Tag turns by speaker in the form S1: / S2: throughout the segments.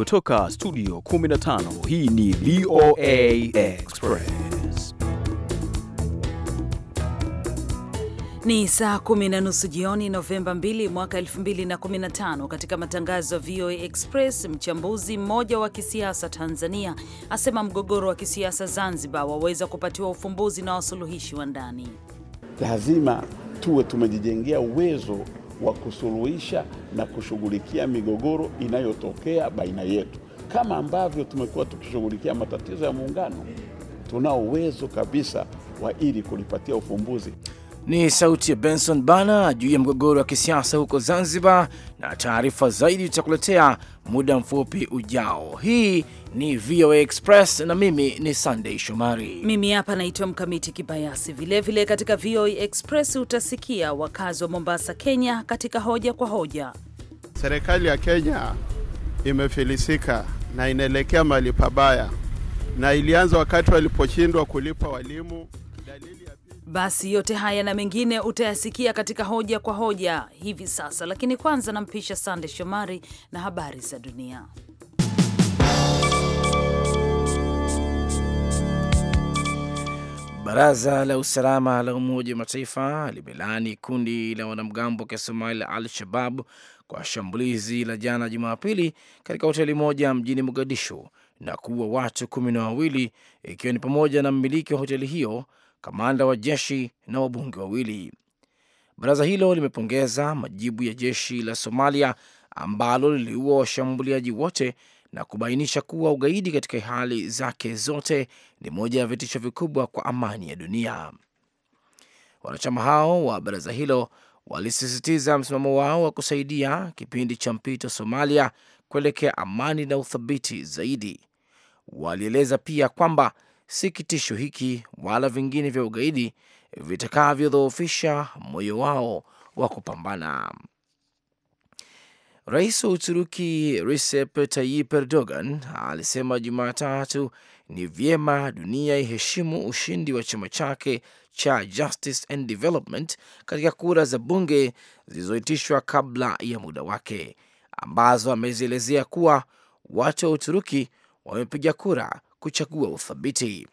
S1: Kutoka studio 15 hii ni VOA Express.
S2: Ni saa kumi na nusu jioni Novemba 2 mwaka 2015. Katika matangazo ya VOA Express, mchambuzi mmoja wa kisiasa Tanzania asema mgogoro wa kisiasa Zanzibar waweza kupatiwa ufumbuzi na wasuluhishi wa ndani.
S1: Lazima tuwe tumejijengea uwezo wa kusuluhisha na kushughulikia migogoro inayotokea baina yetu, kama ambavyo tumekuwa tukishughulikia matatizo ya muungano. Tuna uwezo kabisa wa ili
S3: kulipatia ufumbuzi. Ni sauti ya Benson Bana juu ya mgogoro wa kisiasa huko Zanzibar, na taarifa zaidi tutakuletea muda mfupi ujao. Hii ni VOA Express na mimi ni Sunday Shomari.
S2: Mimi hapa naitwa Mkamiti Kibayasi. Vilevile katika VOA Express utasikia wakazi wa Mombasa, Kenya, katika hoja kwa
S4: hoja. Serikali ya Kenya imefilisika na inaelekea mahali pabaya, na ilianza wakati waliposhindwa kulipa walimu. Dalili
S2: ya... Basi yote haya na mengine utayasikia katika hoja kwa hoja hivi sasa, lakini kwanza nampisha Sande Shomari na habari za dunia.
S3: Baraza la usalama la Umoja wa Mataifa limelaani kundi la wanamgambo wa Kisomali Al Shabab kwa shambulizi la jana Jumapili katika hoteli moja mjini Mogadishu na kuua watu kumi na wawili ikiwa ni pamoja na mmiliki wa hoteli hiyo, kamanda wa jeshi na wabunge wawili. Baraza hilo limepongeza majibu ya jeshi la Somalia ambalo liliua washambuliaji wote na kubainisha kuwa ugaidi katika hali zake zote ni moja ya vitisho vikubwa kwa amani ya dunia. Wanachama hao wa baraza hilo walisisitiza msimamo wao wa kusaidia kipindi cha mpito Somalia kuelekea amani na uthabiti zaidi. Walieleza pia kwamba si kitisho hiki wala vingine vya ugaidi vitakavyodhoofisha moyo wao wa kupambana. Rais wa Uturuki Recep Tayyip Erdogan alisema Jumatatu ni vyema dunia iheshimu ushindi wa chama chake cha Justice and Development katika kura za bunge zilizoitishwa kabla ya muda wake, ambazo amezielezea kuwa watu wa Uturuki wamepiga kura kuchagua uthabiti.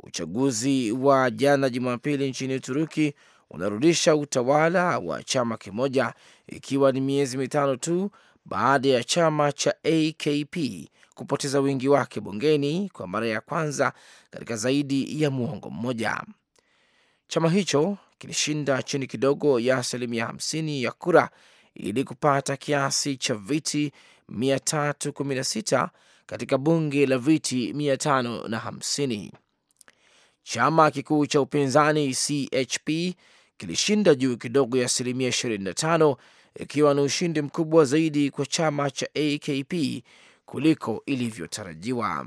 S3: Uchaguzi wa jana Jumapili nchini Uturuki unarudisha utawala wa chama kimoja ikiwa ni miezi mitano tu baada ya chama cha AKP kupoteza wingi wake bungeni kwa mara ya kwanza katika zaidi ya muongo mmoja. Chama hicho kilishinda chini kidogo ya asilimia 50 ya kura ili kupata kiasi cha viti 316 katika bunge la viti 550. Chama kikuu cha upinzani CHP kilishinda juu kidogo ya asilimia 25 ikiwa ni ushindi mkubwa zaidi kwa chama cha AKP kuliko ilivyotarajiwa.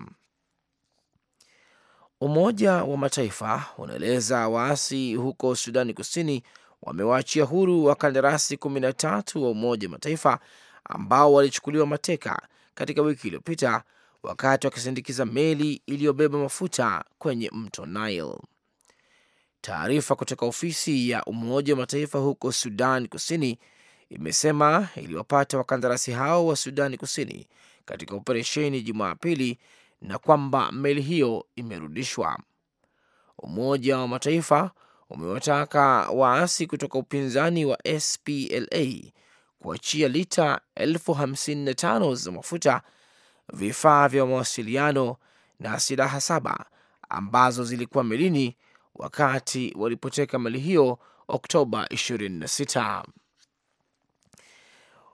S3: Umoja wa Mataifa unaeleza waasi huko Sudani Kusini wamewaachia huru wakandarasi 13 wa Umoja wa Mataifa ambao walichukuliwa mateka katika wiki iliyopita wakati wakisindikiza meli iliyobeba mafuta kwenye mto Nile. Taarifa kutoka ofisi ya Umoja wa Mataifa huko Sudan Kusini imesema iliwapata wakandarasi hao wa Sudani Kusini katika operesheni Jumapili na kwamba meli hiyo imerudishwa. Umoja wa Mataifa umewataka waasi kutoka upinzani wa SPLA kuachia lita elfu hamsini na tano za mafuta, vifaa vya mawasiliano na silaha saba ambazo zilikuwa melini wakati walipoteka mali hiyo Oktoba 26.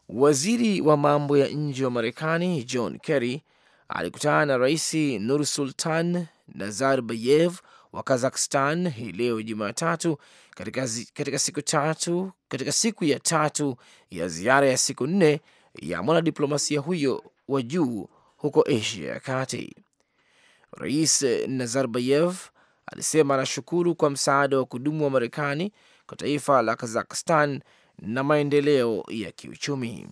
S3: Waziri wa mambo ya nje wa Marekani John Kerry alikutana na Rais Nursultan Nazarbayev wa Kazakhstan hii leo Jumatatu katika, katika siku tatu, katika siku ya tatu ya ziara ya siku nne ya mwanadiplomasia huyo wa juu huko Asia ya Kati. Rais Nazarbayev alisema anashukuru kwa msaada wa kudumu wa Marekani kwa taifa la Kazakhstan na maendeleo ya kiuchumi.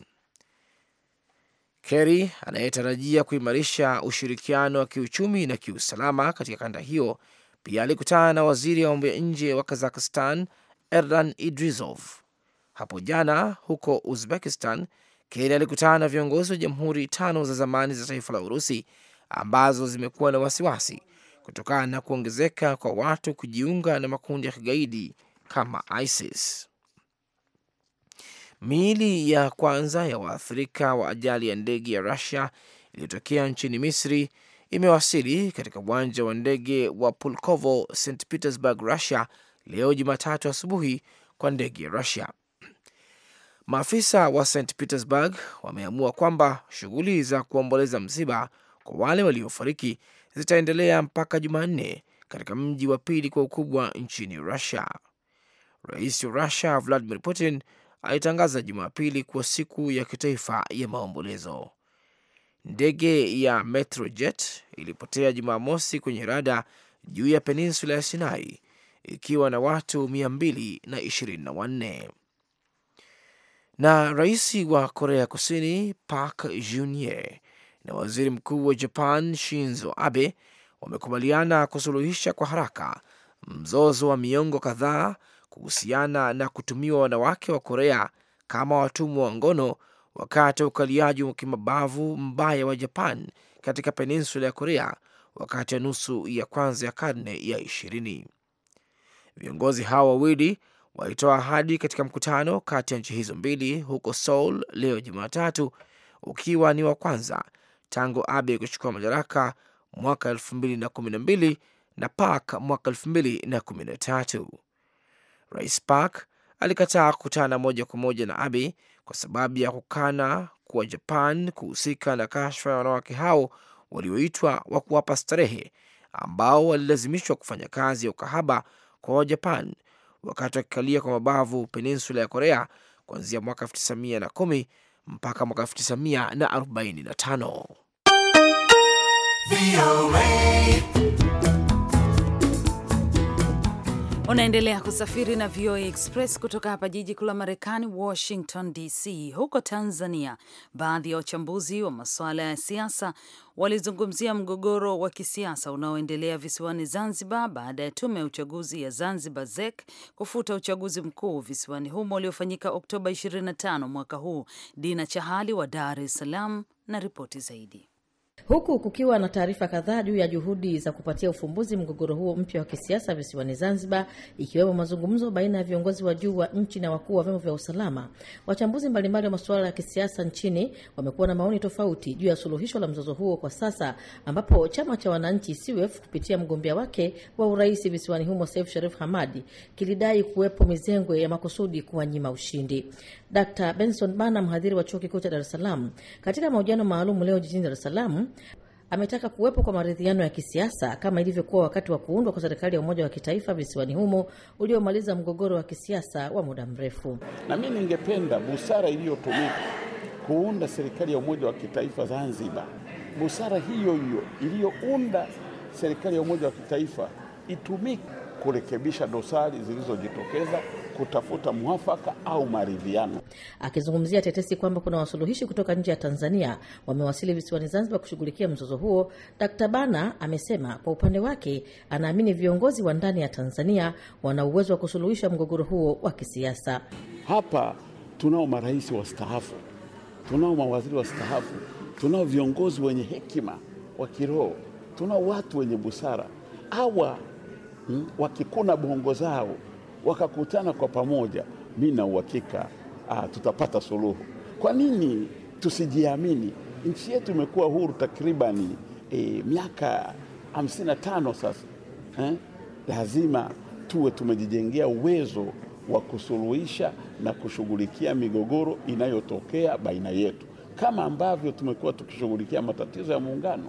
S3: Kerry anayetarajia kuimarisha ushirikiano wa kiuchumi na kiusalama katika kanda hiyo pia alikutana na waziri wa mambo ya nje wa Kazakhstan Erdan Idrizov hapo jana huko Uzbekistan. Kerry alikutana na viongozi wa jamhuri tano za zamani za taifa la Urusi ambazo zimekuwa na wasiwasi kutokana na kuongezeka kwa watu kujiunga na makundi ya kigaidi kama ISIS. Miili ya kwanza ya waathirika wa ajali ya ndege ya Rusia iliyotokea nchini Misri imewasili katika uwanja wa ndege wa Pulkovo, St Petersburg, Russia leo Jumatatu asubuhi kwa ndege ya Russia. Maafisa wa St Petersburg wameamua kwamba shughuli za kuomboleza msiba kwa wale waliofariki zitaendelea mpaka Jumanne katika mji wa pili kwa ukubwa nchini Russia. Rais wa Russia Vladimir Putin alitangaza Jumapili kuwa siku ya kitaifa ya maombolezo. Ndege ya Metrojet ilipotea Jumamosi kwenye rada juu ya peninsula ya Sinai ikiwa na watu 224. Na rais wa Korea Kusini Park Junier na waziri mkuu wa Japan Shinzo Abe wamekubaliana kusuluhisha kwa haraka mzozo wa miongo kadhaa kuhusiana na kutumiwa wanawake wa Korea kama watumwa wa ngono wakati wa ukaliaji wa kimabavu mbaya wa Japan katika peninsula ya Korea wakati wa nusu ya kwanza ya karne ya ishirini. Viongozi hao wawili walitoa ahadi katika mkutano kati ya nchi hizo mbili huko Seoul leo Jumatatu, ukiwa ni wa kwanza tangu Abe kuchukua madaraka mwaka elfu mbili na kumi na mbili na Park mwaka elfu mbili na kumi na tatu. Rais Park alikataa kukutana moja kwa moja na Abe kwa sababu ya kukana kuwa Japan kuhusika na kashfa ya wanawake hao walioitwa wa kuwapa starehe ambao walilazimishwa kufanya kazi ya ukahaba kwa Wajapan wakati wakikalia kwa mabavu peninsula ya Korea kuanzia mwaka 1910 mpaka mwaka 1945.
S2: Unaendelea kusafiri na VOA Express kutoka hapa jiji kuu la Marekani, Washington DC. Huko Tanzania, baadhi ya wachambuzi wa masuala ya siasa walizungumzia mgogoro wa kisiasa unaoendelea visiwani Zanzibar baada ya tume ya uchaguzi ya Zanzibar ZEK kufuta uchaguzi mkuu visiwani humo uliofanyika Oktoba 25 mwaka huu. Dina Chahali wa Dar es Salaam na ripoti zaidi
S5: huku kukiwa na taarifa kadhaa juu ya juhudi za kupatia ufumbuzi mgogoro huo mpya wa kisiasa visiwani Zanzibar, ikiwemo mazungumzo baina ya viongozi wa juu wa nchi na wakuu wa vyombo vya usalama. Wachambuzi mbalimbali wa masuala ya kisiasa nchini wamekuwa na maoni tofauti juu ya suluhisho la mzozo huo kwa sasa, ambapo chama cha wananchi CUF kupitia mgombea wake wa urais visiwani humo Saif Sharif Hamadi kilidai kuwepo mizengwe ya makusudi kuwanyima ushindi. Dr Benson Bana, mhadhiri wa chuo kikuu cha Dar es Salaam, katika mahojiano maalum leo jijini Dar es Salaam ametaka kuwepo kwa maridhiano ya kisiasa kama ilivyokuwa wakati wa kuundwa kwa serikali ya umoja wa kitaifa visiwani humo uliomaliza mgogoro wa kisiasa wa muda mrefu.
S1: Na mimi ningependa busara iliyotumika kuunda serikali ya umoja wa kitaifa Zanzibar, busara hiyo hiyo iliyounda serikali ya umoja wa kitaifa itumike kurekebisha dosari zilizojitokeza, kutafuta mwafaka au maridhiano.
S5: Akizungumzia tetesi kwamba kuna wasuluhishi kutoka nje ya Tanzania wamewasili visiwani Zanzibar kushughulikia mzozo huo, Dkt. Bana amesema kwa upande wake anaamini viongozi wa ndani ya Tanzania wana uwezo wa kusuluhisha mgogoro huo wa kisiasa. Hapa tunao marais
S1: wastaafu, tunao mawaziri wastaafu, tunao viongozi wenye hekima wa kiroho, tunao watu wenye busara. Hawa hmm? wakikuna bongo zao wakakutana kwa pamoja, mi na uhakika ah, tutapata suluhu. Kwa nini tusijiamini? Nchi yetu imekuwa huru takribani eh, miaka hamsini na tano sasa eh? Lazima tuwe tumejijengea uwezo wa kusuluhisha na kushughulikia migogoro inayotokea baina yetu, kama ambavyo tumekuwa tukishughulikia matatizo ya muungano.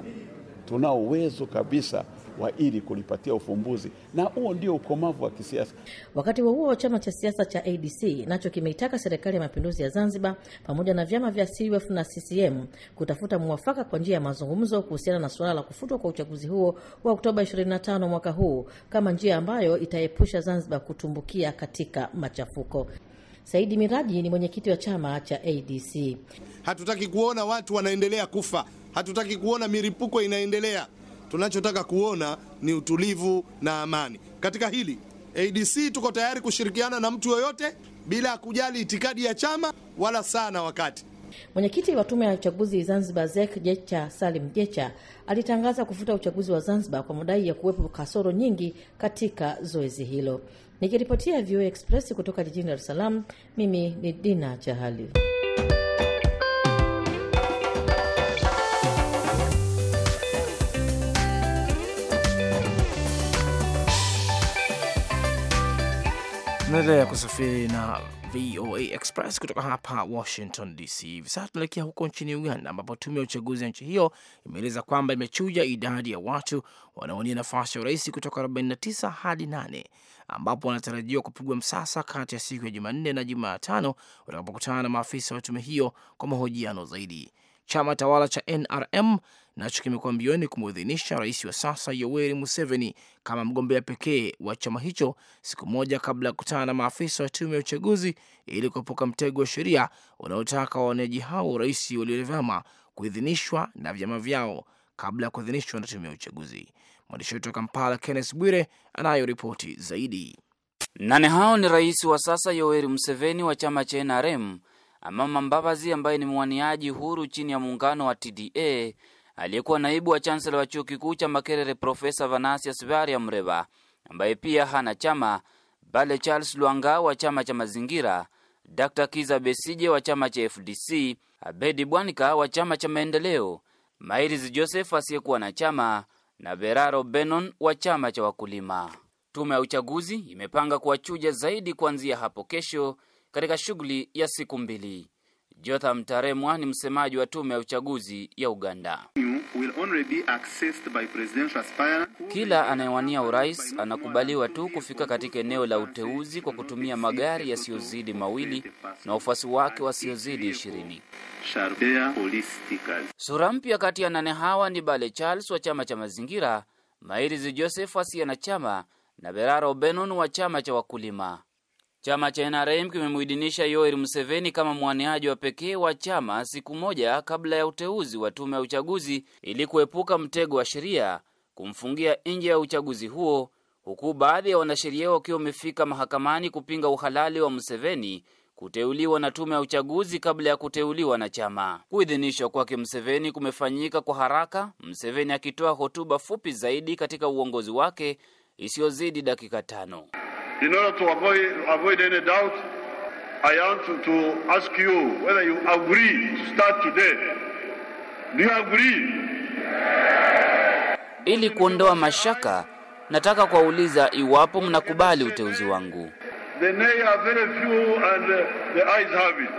S1: Tunao uwezo kabisa wa ili kulipatia ufumbuzi, na huo ndio ukomavu wa
S5: kisiasa. Wakati huo huo, chama cha siasa cha ADC nacho kimeitaka serikali ya mapinduzi ya Zanzibar pamoja na vyama vya CUF na CCM kutafuta mwafaka kwa njia ya mazungumzo kuhusiana na suala la kufutwa kwa uchaguzi huo wa Oktoba 25 mwaka huu kama njia ambayo itaepusha Zanzibar kutumbukia katika machafuko. Saidi Miraji ni mwenyekiti wa chama cha ADC.
S4: Hatutaki kuona watu wanaendelea kufa, hatutaki kuona milipuko inaendelea tunachotaka kuona ni utulivu na amani. Katika hili ADC tuko tayari kushirikiana na mtu yoyote bila ya kujali itikadi ya chama wala
S5: saa na wakati. Mwenyekiti wa Tume ya Uchaguzi Zanzibar zek Jecha Salim Jecha alitangaza kufuta uchaguzi wa Zanzibar kwa madai ya kuwepo kasoro nyingi katika zoezi hilo. Nikiripotia VOA Express kutoka jijini Dar es Salaam, mimi ni Dina Chahali.
S3: Tunaendelea kusafiri na VOA Express kutoka hapa Washington DC. Hivi sasa tunaelekea huko nchini Uganda, ambapo tume ya uchaguzi ya nchi hiyo imeeleza kwamba imechuja idadi ya watu wanaowania nafasi ya urais kutoka 49 hadi 8, ambapo wanatarajiwa kupigwa msasa kati ya siku ya Jumanne na Jumatano watakapokutana na maafisa wa tume hiyo kwa mahojiano zaidi. Chama tawala cha NRM nacho kimekuwa mbioni kumuidhinisha rais wa sasa Yoweri Museveni kama mgombea pekee wa chama hicho siku moja kabla ya kukutana na maafisa wa tume ya uchaguzi ili kuepuka mtego wa sheria unaotaka waoneaji hao rais waliovyama kuidhinishwa na vyama vyao kabla ya
S6: kuidhinishwa na tume ya uchaguzi. Mwandishi wetu wa Kampala, Kenneth Bwire, anayo ripoti zaidi. Nane hao ni rais wa sasa Yoweri Museveni wa chama cha NRM Amama Mbabazi ambaye ni mwaniaji huru chini ya muungano wa TDA, aliyekuwa naibu wa chansela wa chuo kikuu cha Makerere Profesa Vanasius Variamreva ambaye pia hana chama, Bale Charles Lwanga wa chama cha mazingira, Dr. Kiza Besije wa chama cha FDC, Abedi Bwanika wa chama cha maendeleo, Mairis Joseph asiyekuwa na chama na Beraro Benon wa chama cha wakulima. Tume ya uchaguzi imepanga kuwachuja zaidi kuanzia hapo kesho katika shughuli ya siku mbili. Jotham Taremwa ni msemaji wa tume ya uchaguzi ya Uganda. Kila anayewania urais anakubaliwa tu kufika katika eneo la uteuzi kwa kutumia magari yasiyozidi mawili na wafuasi wake wasiozidi ishirini. Sura mpya kati ya nane hawa ni Bale Charles wa chama cha mazingira, Mairizi Joseph asiye na chama na Beraro Benon wa chama cha wakulima. Chama cha NRM kimemuidhinisha Yoweri Museveni kama mwaniaji wa pekee wa chama siku moja kabla ya uteuzi wa tume ya uchaguzi ili kuepuka mtego wa sheria kumfungia nje ya uchaguzi huo, huku baadhi ya wanasheria wakiwa wamefika mahakamani kupinga uhalali wa Museveni kuteuliwa na tume ya uchaguzi kabla ya kuteuliwa na chama. Kuidhinishwa kwake mseveni kumefanyika kwa haraka, mseveni akitoa hotuba fupi zaidi katika uongozi wake isiyozidi dakika tano.
S4: In order to avoid, avoid any doubt, I want to, to ask you whether
S6: you agree to start today. Do you agree? Ili kuondoa mashaka, nataka kuwauliza iwapo mnakubali uteuzi wangu. The nay are very few and the eyes have it.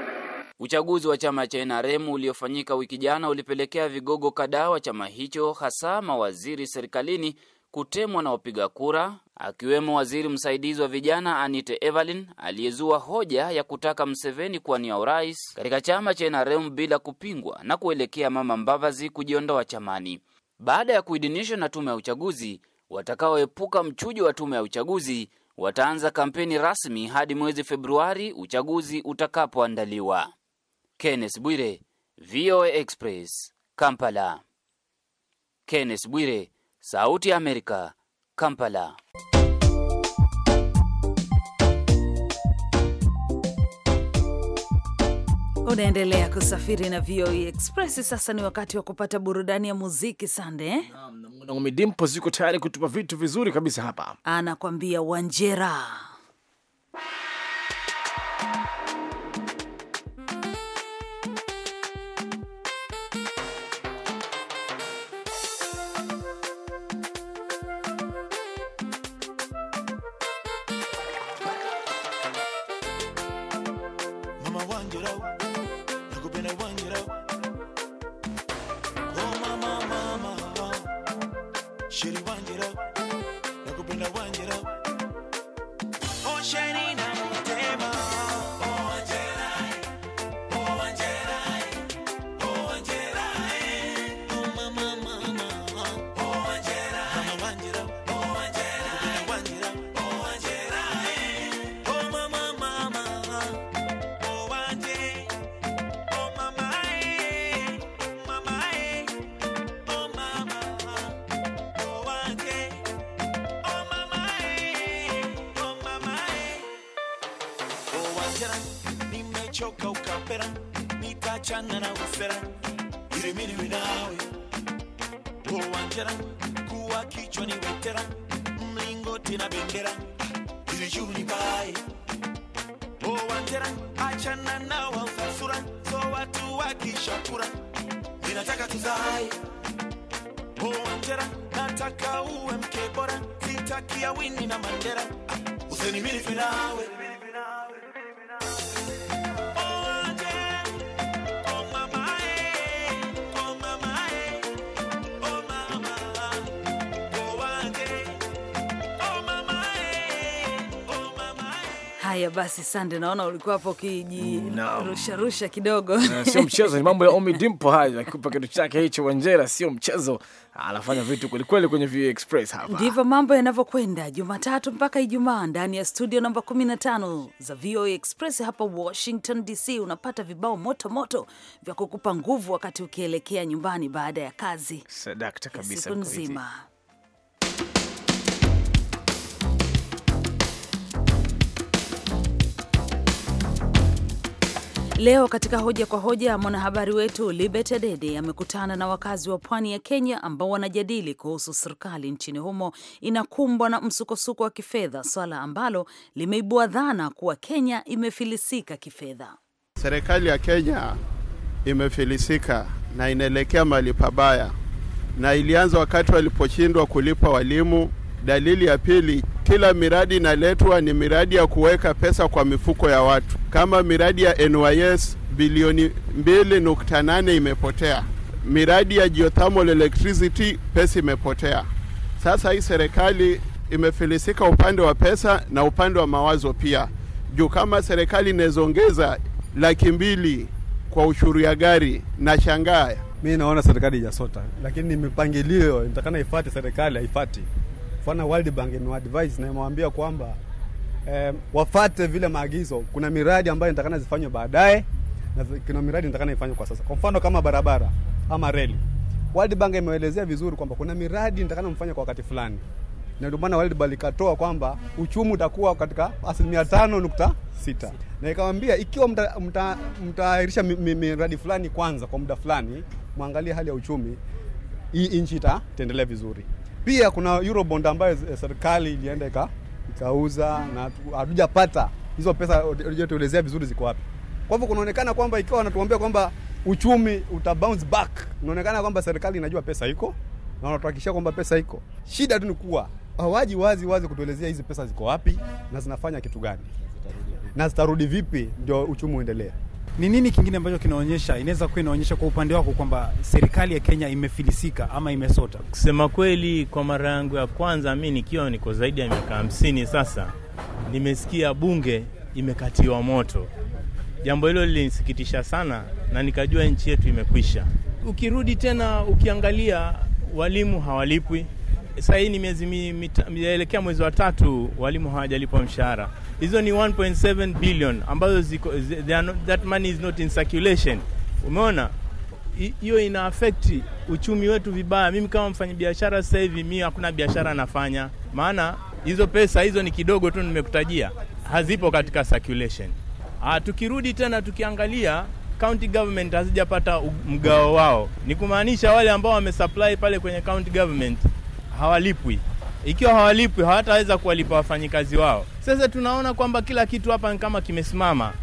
S6: Uchaguzi wa chama cha NRM uliofanyika wiki jana ulipelekea vigogo kadhaa wa chama hicho hasa mawaziri serikalini kutemwa na wapiga kura akiwemo waziri msaidizi wa vijana Anite Evelyn aliyezua hoja ya kutaka Mseveni kuwania urais katika chama cha NRM bila kupingwa na kuelekea Mama Mbavazi kujiondoa chamani baada ya kuidhinishwa na tume ya uchaguzi. Watakaoepuka mchujo wa tume ya uchaguzi wataanza kampeni rasmi hadi mwezi Februari uchaguzi utakapoandaliwa. Kenneth Bwire, VOA Express, Kampala. Kenneth Bwire, Sauti ya Amerika, Kampala
S2: Unaendelea kusafiri na VOA e Express. Sasa ni wakati wa kupata burudani ya muziki. Sande
S3: Naomi ziko tayari kutupa vitu vizuri kabisa hapa,
S2: anakuambia Wanjera.
S7: it out. go Oh, mama, mama, She
S1: ukachoka ukapera, nitachana na ufera, ili mimi nawe uwanjera kuwa kichwa ni wetera, mlingoti na bendera,
S7: ili juu ni uwanjera, achana na wausasura, so watu wakishakura, ninataka tuzae uwanjera, nataka uwe mke bora, wini na Mandela,
S1: useni mimi nawe
S2: Haya basi, Sande, naona ulikuwa hapo ukijirusharusha kidogo.
S3: Sio mchezo, ni mambo ya Omi Dimpo haya, akikupa kitu chake hicho Wanjera, sio mchezo, anafanya vitu kwelikweli kwenye VU Express hapa.
S2: Ndivyo mambo yanavyokwenda Jumatatu mpaka Ijumaa ndani ya studio namba 15 za voa Express hapa Washington DC. Unapata vibao moto moto vya kukupa nguvu wakati ukielekea nyumbani baada ya kazi,
S3: sadakta kabisa siku nzima.
S2: Leo katika hoja kwa hoja, mwanahabari wetu Libet Adede amekutana na wakazi wa pwani ya Kenya ambao wanajadili kuhusu serikali nchini humo inakumbwa na msukosuko wa kifedha, swala ambalo limeibua dhana kuwa Kenya imefilisika kifedha.
S4: Serikali ya Kenya imefilisika na inaelekea mahali pabaya, na ilianza wakati waliposhindwa kulipa walimu Dalili ya pili, kila miradi inaletwa ni miradi ya kuweka pesa kwa mifuko ya watu. Kama miradi ya NYS bilioni 2.8 imepotea, miradi ya geothermal electricity pesa imepotea. Sasa hii serikali imefilisika upande wa pesa na upande wa mawazo pia, juu kama serikali inawezaongeza laki mbili kwa ushuru ya gari na shangaa. Mi naona serikali ijasota,
S8: lakini ni mipangilio nitakana ifate, serikali haifati. Mfano World Bank advice na imewaambia kwamba eh, wafate vile maagizo. Kuna miradi ambayo nitakana zifanywe baadaye na kuna miradi nitakana ifanywe kwa sasa, kwa mfano kama barabara ama reli. World Bank imeelezea vizuri kwamba kuna miradi nitakana mfanye kwa wakati fulani, na ndio maana World Bank ikatoa kwamba uchumi utakuwa katika asilimia tano nukta sita na ikamwambia ikiwa mtaahirisha mta, mta miradi fulani kwanza kwa muda fulani, mwangalie hali ya uchumi, hii nchi itaendelea vizuri. Pia kuna Eurobond ambayo eh, serikali ilienda ika, ikauza na hatujapata hizo pesa ulizotuelezea vizuri ziko wapi. Kwa hivyo kunaonekana kwamba ikiwa wanatuambia kwamba uchumi uta bounce back, inaonekana kwamba serikali inajua pesa iko na wanatuhakikishia kwamba pesa iko. Shida tu ni kuwa hawaji wazi wazi kutuelezea hizi pesa ziko wapi na zinafanya kitu gani na zitarudi vipi ndio uchumi uendelee. Ni nini kingine ambacho kinaonyesha, inaweza kuwa inaonyesha kwa upande wako kwamba serikali ya Kenya imefilisika ama imesota?
S7: Kusema kweli, kwa mara yangu ya kwanza mi nikiwa niko zaidi ya miaka hamsini sasa, nimesikia bunge imekatiwa moto. Jambo hilo lilinisikitisha sana, na nikajua nchi yetu imekwisha. Ukirudi tena ukiangalia, walimu hawalipwi sasa hii ni miezi mielekea mi, mwezi wa tatu walimu hawajalipwa mshahara. Hizo ni 1.7 billion ambazo ziko, not, that money is not in circulation. Umeona hiyo ina affect uchumi wetu vibaya. Mimi kama mfanyabiashara sasa hivi mimi hakuna biashara nafanya, maana hizo pesa hizo ni kidogo tu nimekutajia, hazipo katika circulation. Ah, tukirudi tena tukiangalia county government hazijapata mgao wao, ni kumaanisha wale ambao wamesupply pale kwenye county government hawalipwi. Ikiwa hawalipwi, hawataweza kuwalipa wafanyikazi wao. Sasa tunaona kwamba kila kitu hapa kama kimesimama,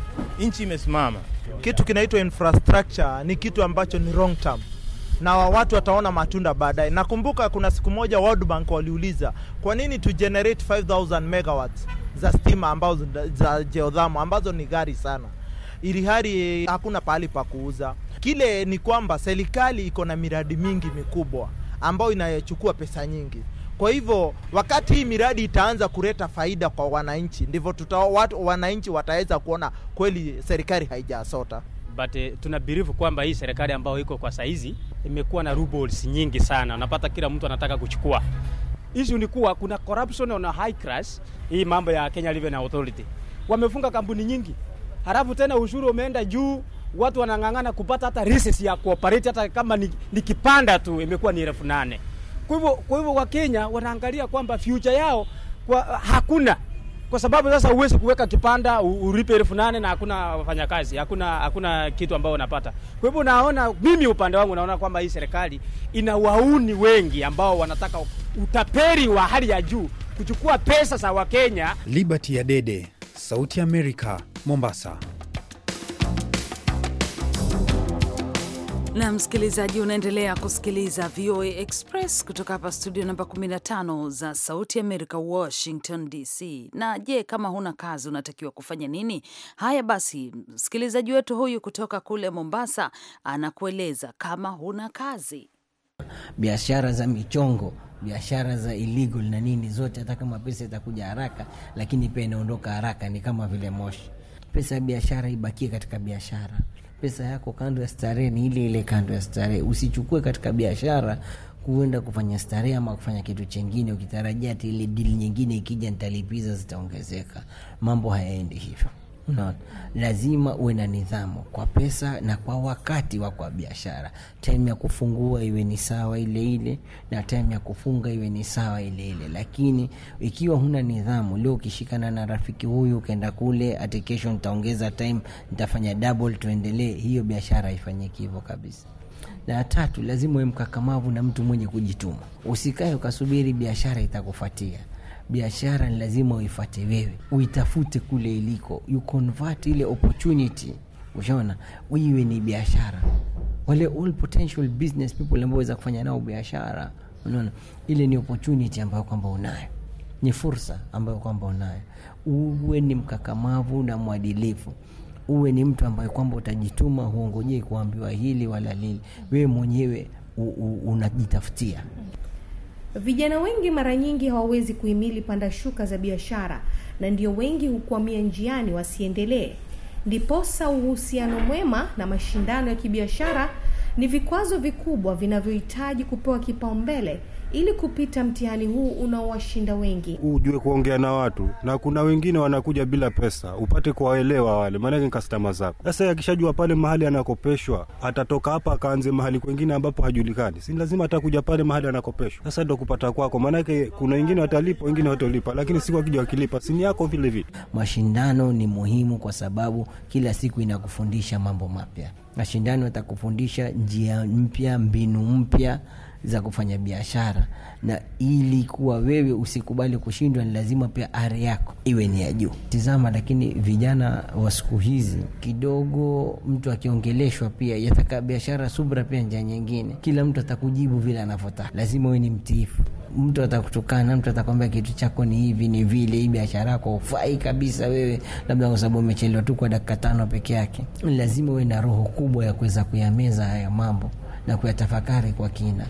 S7: nchi imesimama. Kitu kinaitwa infrastructure ni kitu ambacho ni wrong term na watu wataona matunda baadaye. Nakumbuka kuna siku moja World Bank waliuliza kwa nini tu generate 5000 megawatts za stima ambazo za geothermal ambazo ni ghali sana, ili hali hakuna pahali pa kuuza. Kile ni kwamba serikali iko na miradi mingi mikubwa ambayo inayochukua pesa nyingi. Kwa hivyo wakati hii miradi itaanza kuleta faida kwa wananchi, ndivyo tuta watu, wananchi wataweza kuona kweli serikali haijasota.
S8: But uh, tuna believe kwamba hii serikali ambayo iko kwa saizi imekuwa na rubles nyingi sana, unapata kila mtu anataka kuchukua. Issue ni kuwa kuna corruption on a high class, hii mambo ya Kenya Revenue Authority wamefunga kampuni nyingi, halafu tena ushuru umeenda juu watu wanang'ang'ana kupata hata license ya kuoperate, hata kama ni, ni kipanda tu imekuwa ni elfu nane. Kwa hivyo kwa hivyo Wakenya wanaangalia kwamba future yao kwa, hakuna kwa sababu sasa huwezi kuweka kipanda ulipe elfu nane na hakuna wafanyakazi, hakuna hakuna kitu ambao unapata. Kwa hivyo naona mimi upande wangu naona kwamba hii serikali ina wauni wengi ambao wanataka utaperi wa hali ya juu kuchukua pesa za Wakenya. Liberty ya Dede, Sauti ya Amerika, Mombasa.
S2: na msikilizaji, unaendelea kusikiliza VOA Express kutoka hapa studio namba 15 za Sauti Amerika, Washington DC. Na je, kama huna kazi unatakiwa kufanya nini? Haya basi, msikilizaji wetu huyu kutoka kule Mombasa anakueleza kama huna kazi,
S9: biashara za michongo biashara za illegal na nini zote, hata kama pesa itakuja haraka, lakini pia inaondoka haraka, ni kama vile moshi. Pesa ya biashara ibakie katika biashara, pesa yako kando ya starehe ni ile ile kando ya starehe. Usichukue katika biashara kuenda kufanya starehe ama kufanya kitu chengine ukitarajia ati ile dili nyingine ikija nitalipiza zitaongezeka. Mambo hayaendi hivyo unaona, lazima uwe na nidhamu kwa pesa na kwa wakati wa kwa biashara. Time ya kufungua iwe ni sawa ile ile na time ya kufunga iwe ni sawa ile ile, lakini ikiwa huna nidhamu, leo ukishikana na rafiki huyu ukaenda kule, ati kesho nitaongeza time, nitafanya double, tuendelee, hiyo biashara haifanyiki hivyo kabisa. Na tatu, lazima uwe mkakamavu na mtu mwenye kujituma, usikae ukasubiri biashara itakufuatia biashara ni lazima uifate wewe, uitafute kule iliko, you convert ile opportunity, ushaona, iwe ni biashara. Wale all potential business people ambao waweza kufanya nao biashara, unaona, ile ni opportunity ambayo kwamba unayo ni fursa ambayo kwamba unayo. Uwe ni mkakamavu na mwadilifu, uwe ni mtu ambaye kwamba utajituma, huongojei kuambiwa hili wala lile, wewe mwenyewe unajitafutia.
S5: Vijana wengi mara nyingi hawawezi kuhimili panda shuka za biashara, na ndio wengi hukwamia njiani wasiendelee. Ndiposa uhusiano mwema na mashindano ya kibiashara ni vikwazo vikubwa vinavyohitaji kupewa kipaumbele ili kupita mtihani huu unaowashinda wengi.
S8: Ujue kuongea na watu, na kuna wengine wanakuja bila pesa, upate kuwaelewa wale, maanake ni kastama zako. Sasa akishajua pale mahali anakopeshwa, atatoka hapa akaanze mahali kwengine ambapo hajulikani, si lazima atakuja pale mahali anakopeshwa. Sasa ndo kupata kwako, maanake kuna wengine watalipa, wengine watolipa, lakini siku akija wakilipa sini yako vile
S9: vile. Mashindano ni muhimu kwa sababu kila siku inakufundisha mambo mapya. Mashindano atakufundisha njia mpya, mbinu mpya za kufanya biashara, na ili kuwa wewe usikubali kushindwa, ni lazima pia ari yako iwe ni ya juu. Tizama, lakini vijana wa siku hizi kidogo, mtu akiongeleshwa pia yataka biashara, subra pia njia nyingine. Kila mtu atakujibu vile anavyotaka, lazima uwe ni mtiifu. Mtu atakutukana, mtu atakwambia kitu chako ni hivi ni vile, hii biashara yako ufai kabisa wewe, labda kwa sababu umechelewa tu kwa dakika tano peke yake. Lazima uwe na roho kubwa ya kuweza kuyameza haya mambo na kuyatafakari kwa kina.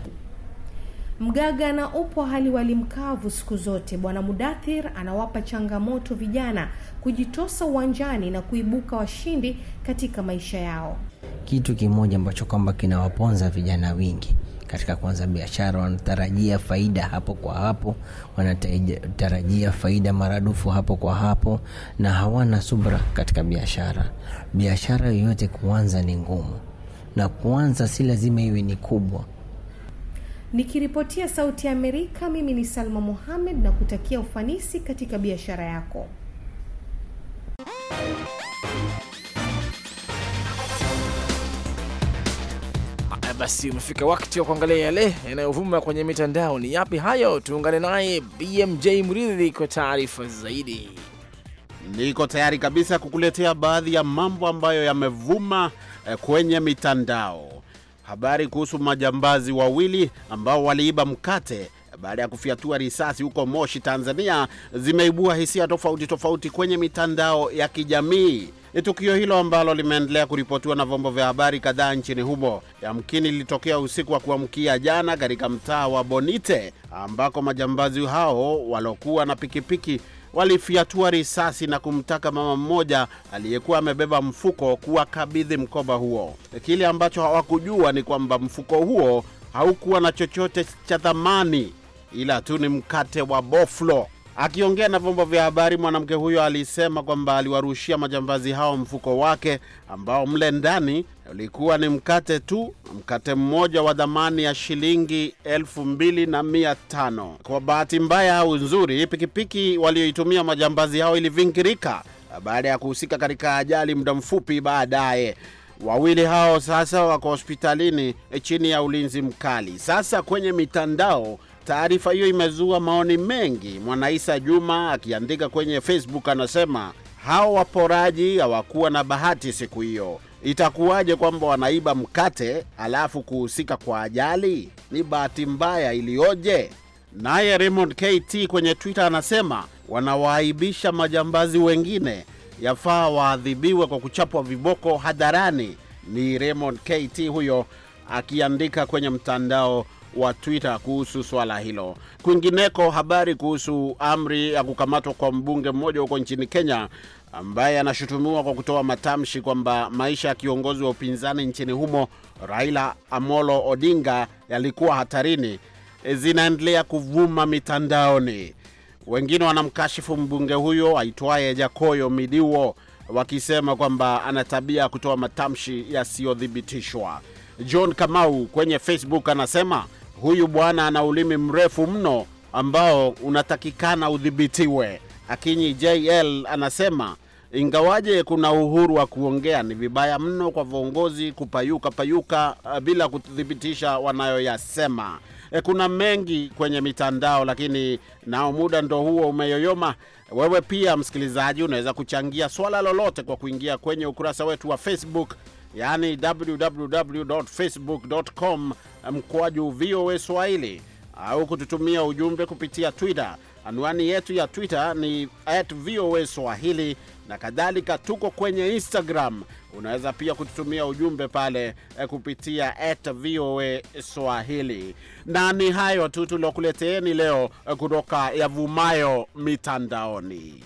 S5: Mgaga na upo hali walimkavu siku zote. Bwana Mudathir anawapa changamoto vijana kujitosa uwanjani na kuibuka washindi katika maisha yao.
S9: Kitu kimoja ambacho kwamba kinawaponza vijana wingi katika kuanza biashara, wanatarajia faida hapo kwa hapo, wanatarajia faida maradufu hapo kwa hapo, na hawana subra katika biashara. Biashara yoyote kuanza ni ngumu, na kuanza si lazima iwe ni kubwa
S5: nikiripotia sauti ya Amerika, mimi ni Salma Mohamed na kutakia ufanisi katika biashara yako.
S3: Haya basi, umefika wakati wa kuangalia yale yanayovuma kwenye mitandao. Ni yapi hayo? Tuungane naye BMJ Mridhi kwa taarifa zaidi.
S8: Niko tayari kabisa kukuletea baadhi ya mambo ambayo yamevuma eh, kwenye mitandao habari kuhusu majambazi wawili ambao waliiba mkate baada ya kufiatua risasi huko Moshi, Tanzania, zimeibua hisia tofauti tofauti kwenye mitandao ya kijamii. Ni tukio hilo ambalo limeendelea kuripotiwa na vyombo vya habari kadhaa nchini humo. Yamkini lilitokea usiku wa kuamkia jana katika mtaa wa Bonite, ambako majambazi hao waliokuwa na pikipiki walifiatua risasi na kumtaka mama mmoja aliyekuwa amebeba mfuko kuwakabidhi mkoba huo. Kile ambacho hawakujua ni kwamba mfuko huo haukuwa na chochote cha thamani, ila tu ni mkate wa boflo Akiongea na vyombo vya habari, mwanamke huyo alisema kwamba aliwarushia majambazi hao mfuko wake ambao mle ndani ulikuwa ni mkate tu, mkate mmoja wa dhamani ya shilingi elfu mbili na mia tano. Kwa bahati mbaya au nzuri, pikipiki walioitumia majambazi hao ilivingirika baada ya kuhusika katika ajali muda mfupi baadaye. Wawili hao sasa wako hospitalini eh, chini ya ulinzi mkali. Sasa kwenye mitandao Taarifa hiyo imezua maoni mengi. Mwanaisa Juma akiandika kwenye Facebook anasema hao waporaji hawakuwa na bahati siku hiyo. Itakuwaje kwamba wanaiba mkate alafu kuhusika kwa ajali? Ni bahati mbaya iliyoje! Naye Raymond KT kwenye Twitter anasema wanawaaibisha majambazi wengine, yafaa waadhibiwe kwa kuchapwa viboko hadharani. Ni Raymond KT huyo akiandika kwenye mtandao wa Twitter kuhusu swala hilo. Kwingineko, habari kuhusu amri ya kukamatwa kwa mbunge mmoja huko nchini Kenya ambaye anashutumiwa kwa kutoa matamshi kwamba maisha ya kiongozi wa upinzani nchini humo Raila Amolo Odinga yalikuwa hatarini eh, zinaendelea kuvuma mitandaoni. Wengine wanamkashifu mbunge huyo aitwaye Jakoyo Midiwo wakisema kwamba ana tabia ya kutoa matamshi yasiyothibitishwa. John Kamau kwenye Facebook anasema huyu bwana ana ulimi mrefu mno ambao unatakikana udhibitiwe. Lakini JL anasema ingawaje kuna uhuru wa kuongea, ni vibaya mno kwa viongozi kupayuka payuka eh, bila kuthibitisha wanayoyasema. E, kuna mengi kwenye mitandao, lakini nao muda ndo huo umeyoyoma. Wewe pia msikilizaji, unaweza kuchangia swala lolote kwa kuingia kwenye ukurasa wetu wa Facebook yaani www.facebook.com mkoaju VOA Swahili, au kututumia ujumbe kupitia Twitter. Anwani yetu ya Twitter ni at VOA Swahili na kadhalika. Tuko kwenye Instagram, unaweza pia kututumia ujumbe pale eh, kupitia at VOA Swahili. Na ni hayo tu tuliokuleteeni leo eh, kutoka yavumayo mitandaoni.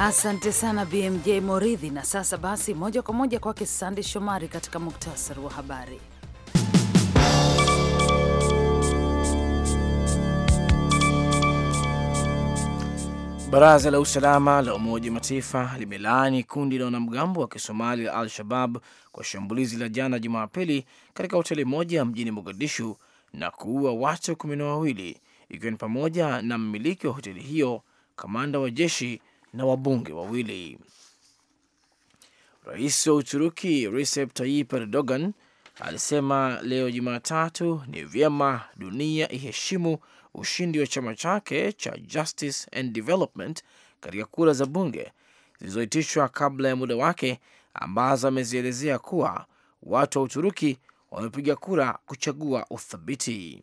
S2: Asante sana BMJ Moridhi. Na sasa basi, moja kwa moja kwake Sande Shomari katika muktasari wa habari.
S5: Baraza
S3: la usalama la Umoja wa Mataifa limelaani kundi la wanamgambo wa Kisomali la Al-Shabab kwa shambulizi la jana Jumapili katika hoteli moja mjini Mogadishu na kuua watu kumi na wawili ikiwa ni pamoja na mmiliki wa hoteli hiyo, kamanda wa jeshi na wabunge wawili. Rais wa Uturuki Recep Tayyip Erdogan alisema leo Jumatatu ni vyema dunia iheshimu ushindi wa chama chake cha Justice and Development katika kura za bunge zilizoitishwa kabla ya muda wake ambazo amezielezea kuwa watu wa Uturuki wamepiga kura kuchagua uthabiti.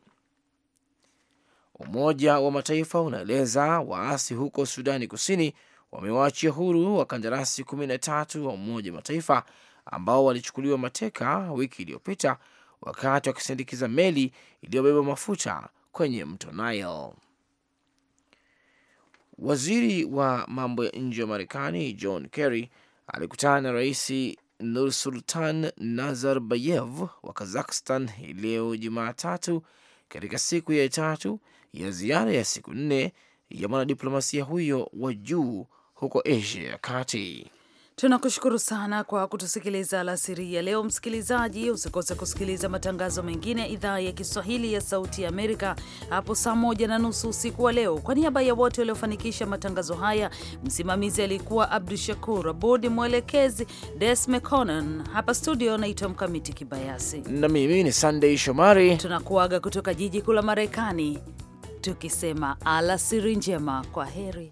S3: Umoja wa Mataifa unaeleza waasi huko Sudani Kusini wamewaachia huru wakandarasi kumi na tatu wa Umoja Mataifa ambao walichukuliwa mateka wiki iliyopita wakati wakisindikiza meli iliyobeba mafuta kwenye mto Nile. Waziri wa mambo ya nje wa Marekani John Kerry alikutana na Rais Nursultan Nazarbayev wa Kazakhstan hii leo Jumatatu, katika siku ya tatu ya ziara ya siku nne ya mwanadiplomasia huyo wa juu huko Asia ya Kati.
S2: Tunakushukuru sana kwa kutusikiliza alasiri ya leo, msikilizaji. Usikose kusikiliza matangazo mengine ya idhaa ya Kiswahili ya Sauti ya Amerika hapo saa moja na nusu usiku wa leo. Kwa niaba ya wote waliofanikisha matangazo haya, msimamizi alikuwa Abdu Shakur Abud, mwelekezi des mconan Hapa studio naitwa Mkamiti Kibayasi
S3: na mimi ni
S2: Sandey Shomari. Tunakuaga kutoka jiji kuu la Marekani tukisema alasiri njema, kwa heri.